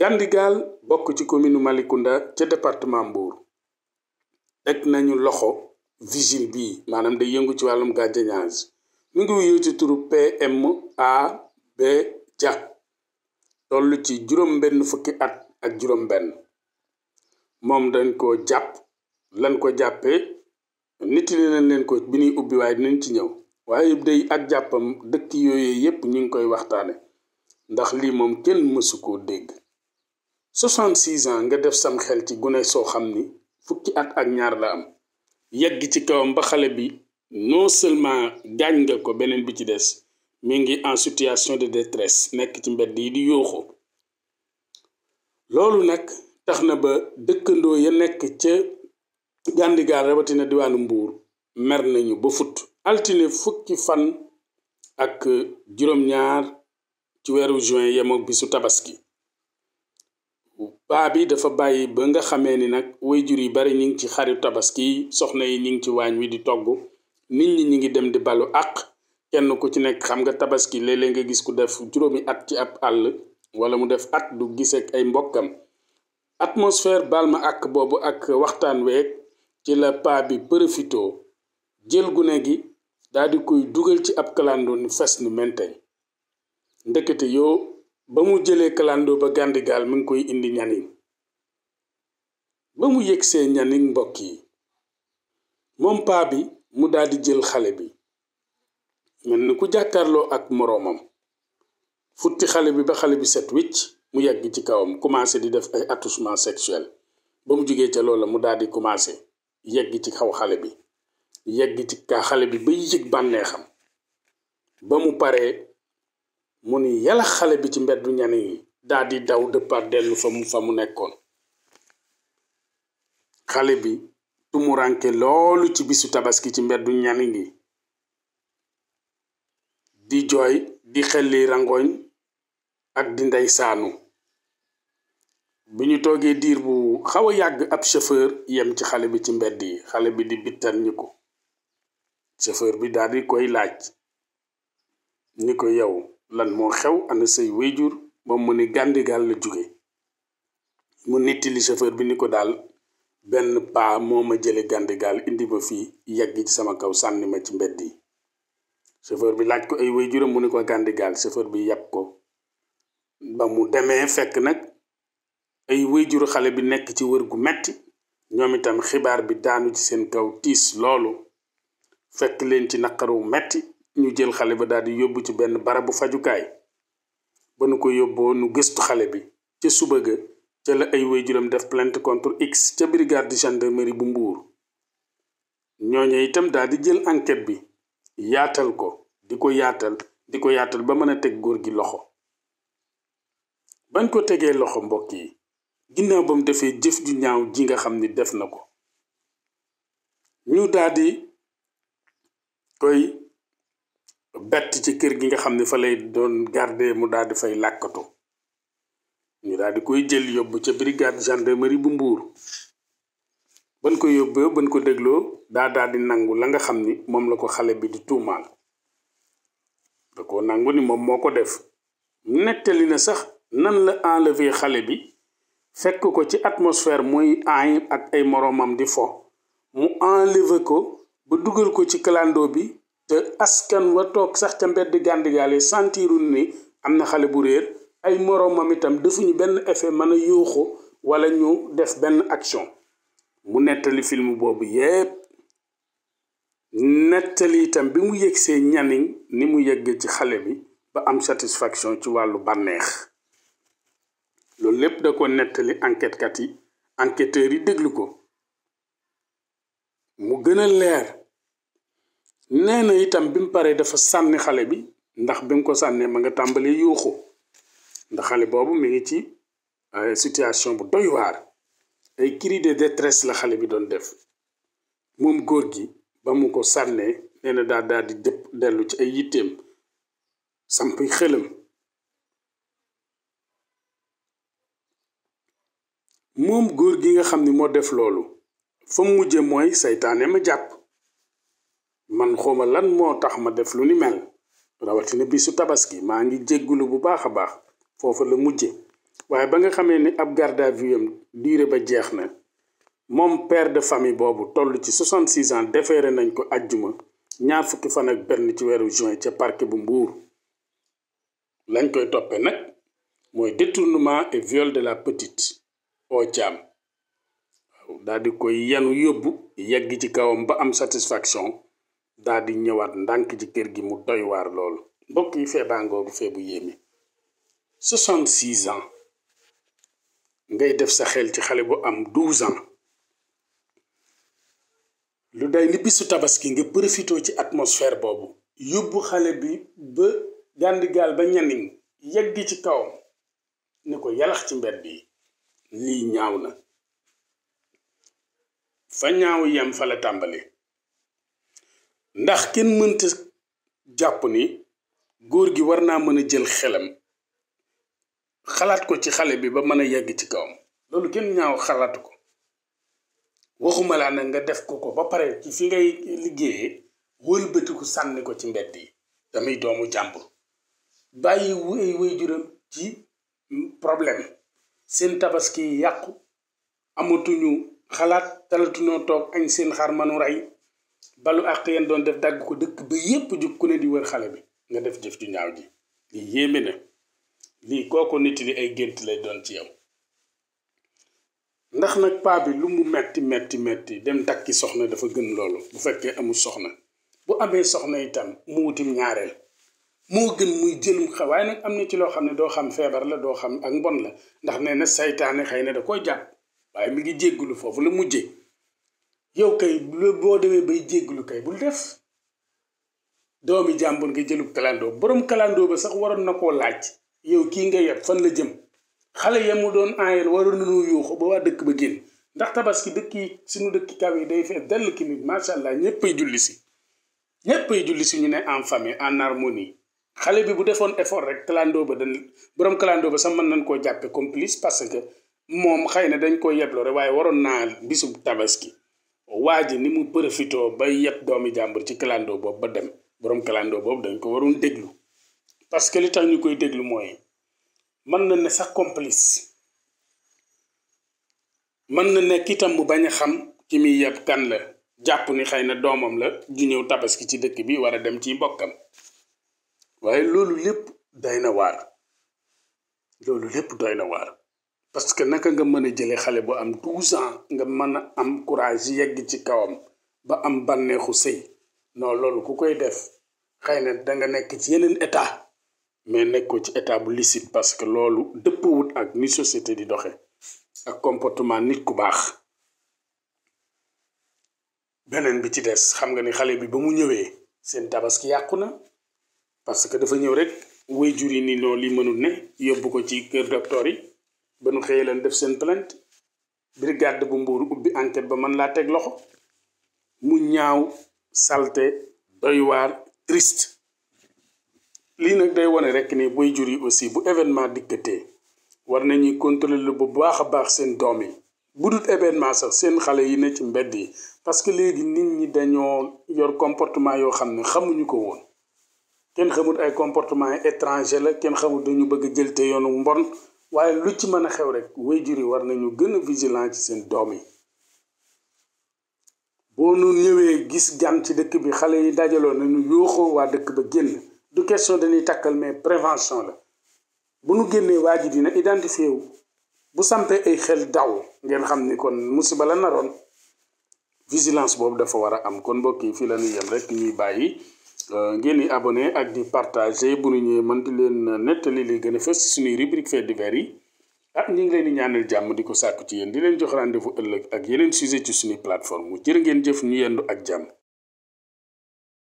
Gandigaal bokk ci commune Malicounda ca département Mbour teg nañu loxo vigile bi maanaam day yëngu ci wàllum gardiennage mu ngi wuyoo ci turu PMA B Dia toll ci juróom-benn fukki at ak juróom-benn moom dañ ko jàpp lan ko jàppee nit yi nañ leen ko bi ñuy ubbi waaye dinañ ci ñëw waaye day ak jàppam dëkk yooyu yépp ñu ngi koy waxtaane ndax lii moom kenn mësu koo dégg. 66 ans nga def sam xel ci gune soo xam ni fukki at ak ñaar la am yegg ci kawam ba xale bi non seulement gaañ nga ko beneen bi ci des mi ngi en situation de détresse nekk ci mbedd yi di yooxu loolu nag tax na ba dëkkandoo ya nekk ca gàndigaar rawatina diwaanu mbuur mer nañu ba fut altine fukki fan ak juróom-ñaar ci weeru juin yemoog bisu tabaski paa bi dafa bàyyi ba nga xamee ni nag wayjur yi bari ñu ngi ci xaru tabaski soxna yi ñu ngi ci waañ wi di togg nit ñi ñu ngi dem di balu àq kenn ku ci nekk xam nga tabaski léeg-léeg nga gis ku def juróomi at ci ab àll wala mu def at du giseek ay mbokkam atmosphère baal ma àq boobu ak waxtaan week ci la pa bi profito jël gune gi daal di koy dugal ci ab kalandoo ni fes ni menteñ ndekete yoo ba mu jëlee kalandoo ba gàndigaal mu ngi koy indi ñaning ba mu yëgsee ñaning mbokk yi moom bi mu daldi jël xale bi mel ni ku jàkkarloo ak moroomam futti xale bi ba xale bi set wicc mu yàgg ci kawam commencé di def ay attouchement sexuel ba mu jógee ca loola mu di commencé yegg ci kaw xale bi yegg ci kaa xale bi bay yëg bànneexam ba mu paree mu ni yàlla xale bi ci mbeddu ñani yi daal di daw dëppaat dellu fa mu fa mu nekkoon xale bi tumuranke loolu ci bisu tabaski ci mbeddu ñani yi di jooy di xelli rangoñ ak di ndey saanu bi ñu toogee diir bu xawa yàgg ab chauffeur yem ci xale bi ci mbedd yi xale bi di bittan ñi ko chauffeur bi daal di koy laaj ni ko yow lan moo xew ana say wéyjur moom mu ne Gàndigaal la jóge mu nettali chauffeur bi ni ko daal benn paa moo ma jële Gàndigaal indi ma fii yegg ci sama kaw sànni ma ci mbedd yi chauffeur bi laaj ko ay wéyjuram mu ne ko Gàndigaal chauffeur bi yàpp ko ba mu demee fekk nag ay wéyjuru xale bi nekk ci wër gu metti ñoom itam xibaar bi daanu ci seen kaw tiis loolu fekk leen ci naqaru metti ñu jël xale ba daal di yóbbu ci benn barabu fajukaay ba nu ko yóbboo nu gëstu xale bi ca suba ga ca la ay waajuram def plainte contre x ca brigade de gendarmerie bu mbuur ñooñu itam daal di jël enquête bi yaatal ko di ko yaatal di ko yaatal ba mën a teg góor gi loxo bañ ko tegee loxo mbokk yi ginnaaw ba mu defee jëf ju ñaaw ji nga xam ni def na ko ñu daal koy bett ci kër gi nga xam ne fa lay doon garde mu daal di fay làkkatu ñu daal di koy jël yóbbu ca brigade gendarmerie bu mbuur bën ko yóbbee ban ko dégloo daa daal di nangu la nga xam ni moom la ko xale bi di tuumaal da ko nangu ni moom moo ko def nettali na sax nan la enlever xale bi fekk ko ci atmosphère muy aay ak ay moroomam di fo mu enlever ko ba dugal ko ci clando bi te askan wa toog sax ca mbedd gàndigaale sentirul ni am na xale bu réer ay moroomam itam defuñu benn effet mën a yuuxu walla ñu def benn action mu nettali film boobu yépp nettali itam bi mu yëg see ni mu yëgg ci xale bi ba am satisfaction ci wàllu banneex loolu lépp da ko nettali enquête kat yi yi déglu ko mu gën a leer nee na itam bi mu paree dafa sànni xale bi ndax bi mu ko sànnee ma nga tàmbali yuuxu ndax xale boobu mu ngi ci euh, situation bu doy ay cri de la xale bi doon def moom góor gi ba mu ko sànnee nee na daal daal di dëpp dellu ci ay yitteem samp xelam moom góor gi nga xam ni moo def loolu fa mu mujje mooy seytaane ma jàpp man xawma lan moo tax ma def lu ni mel rawatina bisu tabaski maa ngi jéggulu bu baax a baax foofa la mujje waaye ba nga xamee ni ab garde à vue am diire ba jeex na moom père de famille boobu toll ci 66 ans déféré nañ ko ajjuma ñaar fukki fan ak benn ci weeru juin ca parquet bu Mbour lañ koy toppee nag mooy détournement et viol de la petite oo caam waaw daal di koy yenu yóbbu yegg ci kawam ba am satisfaction daldi ñëwaat ndànk ci kër gi mu doy waar lool mbokk yi feebaangoogu feebu yéeme 66 ans ngay def sa xel ci xale bu am 12 ans lu day ni bisu tabaski nga profitoo ci atmosphère boobu yóbbu xale bi ba gàndigaal ba ñanin yegg ci kawam ni ko yalax ci mbedd bi lii ñaaw na fa ñaaw yem fa la tàmbali ndax kenn mënta jàpp ni góor gi war naa mën a jël xelam xalaat ko ci xale bi ba mën a yegg ci kawam loolu kenn ñaaw xalaatu ko waxuma laa nga def ko ko ba pare ci fi ngay liggéeyee wëlbatiku sànni ko ci mbedd yi damay doomu jàmbur bàyyi wéy wéy juróom ci problème seen tabaski yàqu amatuñu xalaat talatuñoo toog añ seen xar manu rey balu àq yéen doon def dagg ko dëkk ba yépp jug ku ne di wër xale bi nga def jëf ju ñaaw ji lii yéeme na lii kooko nit li ay gént lay doon ci yow ndax nag paa bi lu mu metti metti metti dem takki soxna dafa gën loolu bu fekkee amul soxna bu amee soxna itam mu wutim ñaareel moo gën muy jëlum xa waaye nag am na ci loo xam ne doo xam feebar la doo xam ak mbon la ndax nee na saytaane xëy na da koy jàpp waaye mi ngi jéggulu foofu la mujje yow kay boo demee bay jégglu kay bul def doomi jàmbur nga jëlub kalandoo borom kalandoo ba sax waroon na koo laaj yow kii nga yeb fan la jëm xale ya mu doon aayal waroon nañu yuuxu ba waa dëkk ba génn ndax tabaski dëkk yi suñu dëkk kaw yi day fees dell ki nit macha allah ñëppay julli si ñëppay julli si ñu ne en famille en harmonie xale bi bu defoon effort rek kalandoo ba dañ borom kalandoo ba sax mën nañ koo jàppe complice parce que moom xëy na dañ koo yebloo rek waaye waroon naa bisub tabaski waa ji ni mu profitoo ba yeb doomi jàmbur ci kalandoo boobu ba dem borom kalandoo boobu dañ ko waroon déglu parce que li tax ñu koy déglu mooy mën na ne sax complice mën na nekk itam mu bañ a xam ki muy yeb kan la jàpp ni xëy na doomam la ju ñëw tabaski ci dëkk bi war a dem ci mbokkam waaye loolu lépp doy na waar loolu lépp doy na waar parce que naka nga mën a jëlee xale bu am 12 ans nga mën a am courage yegg ci kawam ba am bànneexu sëy non loolu ku koy def xëy na da nga nekk ci yeneen état mais nekkoo ci état bu licite parce que loolu dëppwut ak ni société di doxe ak comportement nit ku baax beneen bi ci des xam nga ni xale bi ba mu ñëwee seen tabaski yàqu na parce que dafa ñëw rek waajur yi nii noo li mënul ne yóbbu ko ci kër docteur yi ba nu xëyee leen def seen plainte brigade bu mbuur ubbi enquête ba man laa teg loxo mu ñaaw salte doy waar lii nag day wane rek ni buy jur yi aussi bu événement dikkatee war nañuy contrôler bu baax a baax seen doom yi bu dul événement sax seen xale yi ne ci mbedd yi parce que léegi nit ñi dañoo yor comportement yoo xam ne xamuñu ko woon kenn xamul ay comportement étranger la kenn xamul dañu bëgg jël te yoonu mbon waaye lu ci mën a xew rek waajur yi war nañu gën a vigilant ci seen doom yi boo nu ñëwee gis gan ci dëkk bi xale yi dajaloo nañu yooxoo waa dëkk ba génn du question dañuy takkal mais prévention la bu nu génnee waa ji dina identifié wu bu sampee ay xel daw ngeen xam ni kon musiba la naroon vigilance boobu dafa war a am kon mbokk yi fii la yem rekk ñuy bàyyi Euh, ngeen di abonné ak di partage bu nu ñëwee mën di leen nettali li gën a fës ci suñuy rubrique fait divers yi ah ñu ngi leen di ñaanal jàmm di ko sàkku ci yéen di leen jox rendez-vous ëllëg ak yeneen sujet ci suñuy plateforme jërë ngeen jëf ñu yendu ak jàmm.